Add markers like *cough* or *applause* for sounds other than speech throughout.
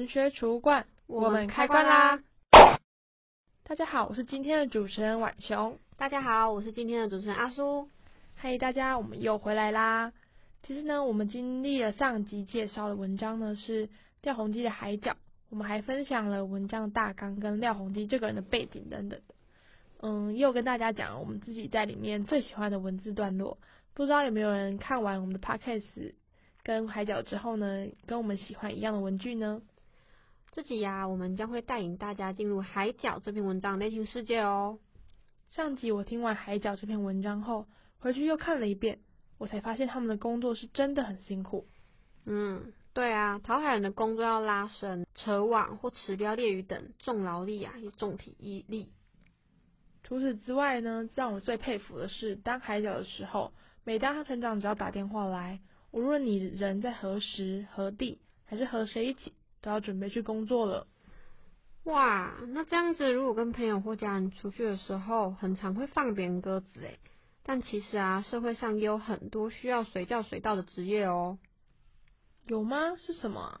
文學儲物罐，我們開罐啦！大家好，我是今天的主持人浣熊。大家好，我是今天的主持人阿蘇。嗨，大家，我們又回來啦！其實呢，我們經歷了上集介紹的文章呢是廖鴻基的《海腳》，我們還分享了文章的大綱跟廖鴻基這個人的背景等等，嗯，又跟大家講了我們自己在裡面最喜歡的文字段落。不知道有沒有人看完我們的 podcast 跟《海腳》之後呢，跟我們喜歡一樣的文句呢？這集呀、啊，我們將會帶領大家進入《海腳》這篇文章的內心世界哦。上集我聽完《海腳》這篇文章後，回去又看了一遍，我才發現他們的工作是真的很辛苦。嗯，對啊，討海人的工作要拉繩、扯網或持標獵魚等重勞力啊，也重體力。除此之外呢，讓我最佩服的是當海腳的時候，每當他船長只要打電話來，無論你人在何時何地，還是和誰一起，都要準備去工作了。哇，那這樣子如果跟朋友或家人出去的時候，很常會放別人鴿子哎。但其實啊，社會上也有很多需要隨叫隨到的職業哦、喔。有嗎？是什麼？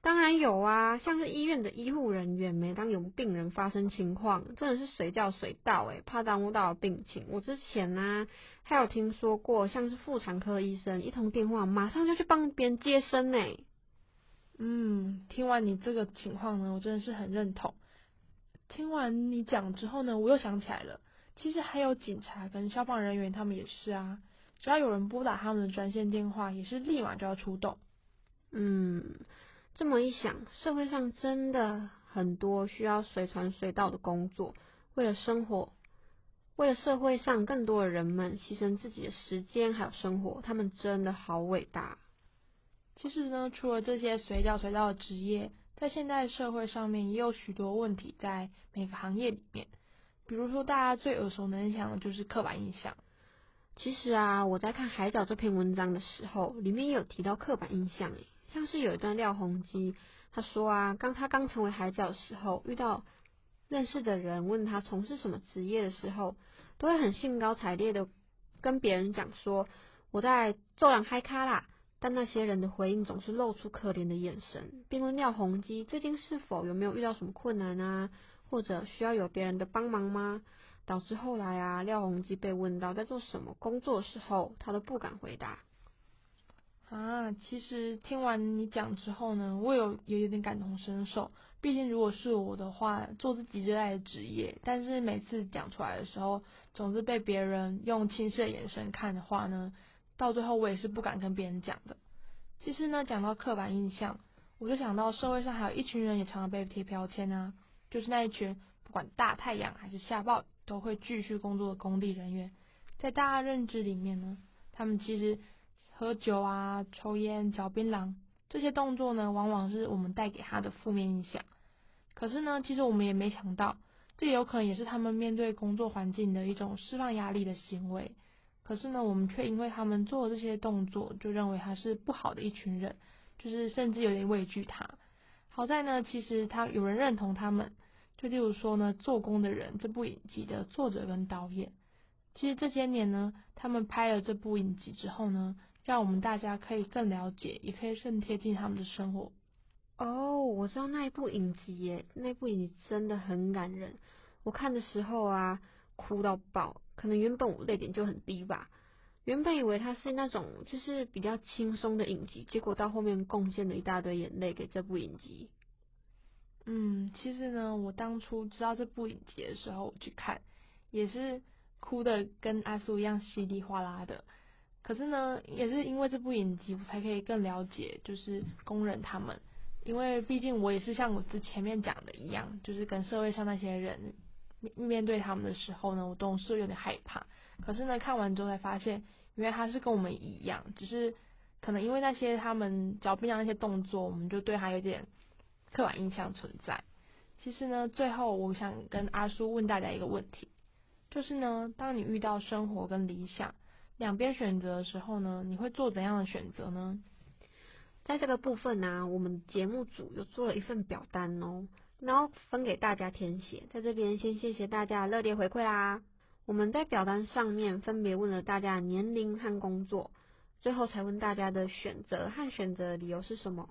當然有啊，像是醫院的醫護人員，每當有病人發生情況，真的是隨叫隨到哎，怕耽誤到病情。我之前呢、啊，還有聽說過像是婦產科醫生，一通電話馬上就去幫別人接生哎。嗯，聽完你這個情況呢，我真的是很認同。聽完你講之後呢，我又想起來了，其實還有警察跟消防人員，他們也是啊，只要有人撥打他們的專線電話，也是立馬就要出動。嗯，這麼一想，社會上真的很多需要隨傳隨到的工作，為了生活，為了社會上更多的人們，犧牲自己的時間還有生活，他們真的好偉大。其實呢，除了這些隨叫隨到的職業，在現代社會上面也有許多問題在每個行業裡面。比如說，大家最耳熟能詳的就是刻板印象。其實啊，我在看《海腳》這篇文章的時候，裡面也有提到刻板印象，像是有一段廖鴻基他說啊，剛他剛成為海腳的時候，遇到認識的人問他從事什麼職業的時候，都會很興高采烈的跟別人講說，我在做兩嗨卡拉。但那些人的回應總是露出可憐的眼神，並問廖鴻基最近是否有沒有遇到什麼困難啊，或者需要有別人的幫忙嗎？導致後來啊，廖鴻基被問到在做什麼工作的時候，他都不敢回答。啊，其實聽完你講之後呢，我有也有點感同身受。畢竟如果是我的話，做自己熱愛的職業，但是每次講出來的時候，總是被別人用輕視的眼神看的話呢，到最後，我也是不敢跟別人講的。其實呢，講到刻板印象，我就想到社會上還有一群人也常常被貼標籤啊，就是那一群不管大太陽還是下暴雨都會繼續工作的工地人員。在大家認知裡面呢，他們其實喝酒啊、抽菸、嚼檳榔這些動作呢，往往是我們帶給他的負面印象。可是呢，其實我們也沒想到，這有可能也是他們面對工作環境的一種釋放壓力的行為。可是呢，我們卻因為他們做這些動作，就認為他是不好的一群人，就是甚至有點畏懼他。好在呢，其實他有人認同他們，就例如說呢，做工的人，這部影集的作者跟導演，其實這些年呢，他們拍了這部影集之後呢，讓我們大家可以更了解，也可以更貼近他們的生活。哦，我知道那一部影集耶，那部影集真的很感人，我看的時候啊，哭到爆。可能原本我淚點就很低吧，原本以為它是那種就是比較輕鬆的影集，結果到後面貢獻了一大堆眼淚給這部影集。嗯，其實呢，我當初知道這部影集的時候，我去看也是哭得跟阿蘇一樣稀里嘩啦的。可是呢，也是因為這部影集，我才可以更了解，就是工人他們，因為畢竟我也是像我之前面講的一樣，就是跟社會上那些人。面對他們的時候呢，我總是有點害怕。可是呢，看完之後才發現，原來他是跟我們一樣，只是可能因為那些他們嚼檳榔那些動作，我們就對他有點刻板印象存在。其實呢，最後我想跟阿蘇問大家一個問題，就是呢，當你遇到生活跟理想兩邊選擇的時候呢，你會做怎樣的選擇呢？在這個部分啊，我們節目組又做了一份表單哦。然後分給大家填寫，在這邊先謝謝大家的熱烈回饋啦！我們在表單上面分別問了大家年齡和工作，最後才問大家的選擇和選擇的理由是什麼。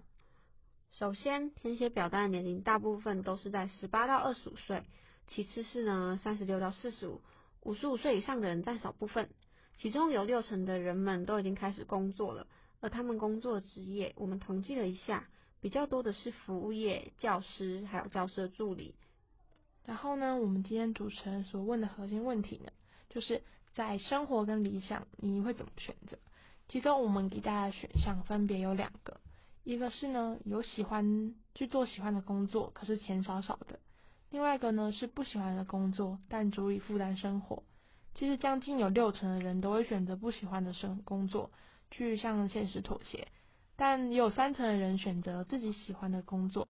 首先，填寫表單的年齡大部分都是在十八到二十五歲，其次是呢三十六到四十五，五十五歲以上的人佔少部分。其中有六成的人們都已經開始工作了，而他們工作的職業，我們統計了一下。比較多的是服務業、教師、還有教師的助理。然後呢，我們今天主持人所問的核心問題呢，就是在生活跟理想，你會怎麼選擇？其中我們給大家的選項分別有兩個，一個是呢有喜歡去做喜歡的工作，可是錢少少的；另外一個呢是不喜歡的工作，但足以負擔生活。其實將近有六成的人都會選擇不喜歡的生工作，去向現實妥協。但也有三成的人選擇自己喜歡的工作。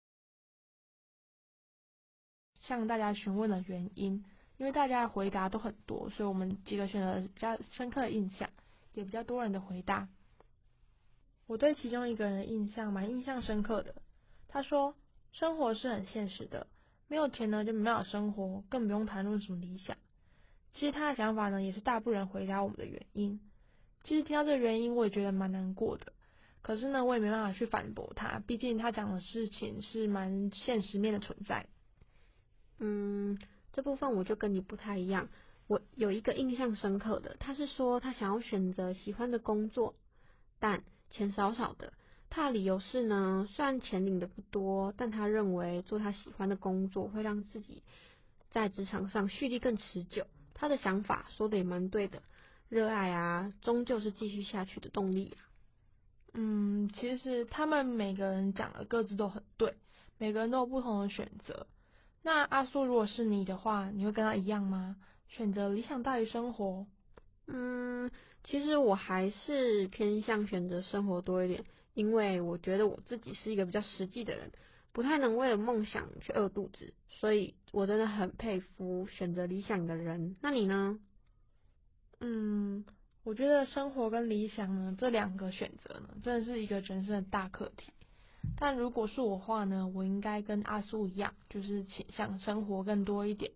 向大家詢問了原因，因為大家的回答都很多，所以我們幾個選擇比較深刻的印象，也比較多人的回答。我對其中一個人的印象蠻印象深刻的，他說：“生活是很現實的，沒有錢呢就沒有生活，更不用談論什麼理想。”其實他的想法呢，也是大部分人回答我們的原因。其實聽到這個原因，我也覺得蠻難過的。可是呢，我也沒辦法去反駁他，畢竟他講的事情是蠻現實面的存在。嗯，這部分我就跟你不太一樣。我有一個印象深刻的，他是說他想要選擇喜歡的工作，但錢少少的。他的理由是呢，雖然錢領得不多，但他認為做他喜歡的工作會讓自己在職場上蓄力更持久。他的想法說得也蠻對的，熱愛啊，終究是繼續下去的動力啊。嗯，其實他們每個人講的各自都很對，每個人都有不同的選擇。那阿蘇，如果是你的話，你會跟他一樣嗎？選擇理想大於生活？嗯，其實我還是偏向選擇生活多一點，因為我覺得我自己是一個比較實際的人，不太能為了夢想去餓肚子，所以我真的很佩服選擇理想的人。那你呢？嗯。我覺得生活跟理想呢，這兩個選擇呢，真的是一個人生的大課題。但如果是我話呢，我應該跟阿蘇一樣，就是傾向生活更多一點。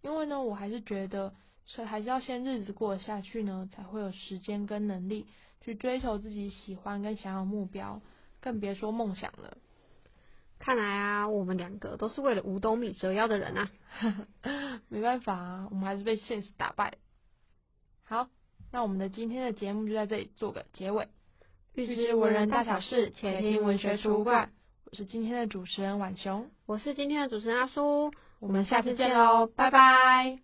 因為呢，我還是覺得，所以還是要先日子過得下去呢，才會有時間跟能力去追求自己喜歡跟想要目標，更別說夢想了。看來啊，我們兩個都是為了五斗米折腰的人啊。 *laughs* 沒辦法啊，我們還是被現實打敗。好。那我們的今天的節目就在這裡做個結尾，預知文人大小事，且聽文學儲物罐。我是今天的主持人浣熊，我是今天的主持人阿蘇，我們下次見嘍，拜拜。拜拜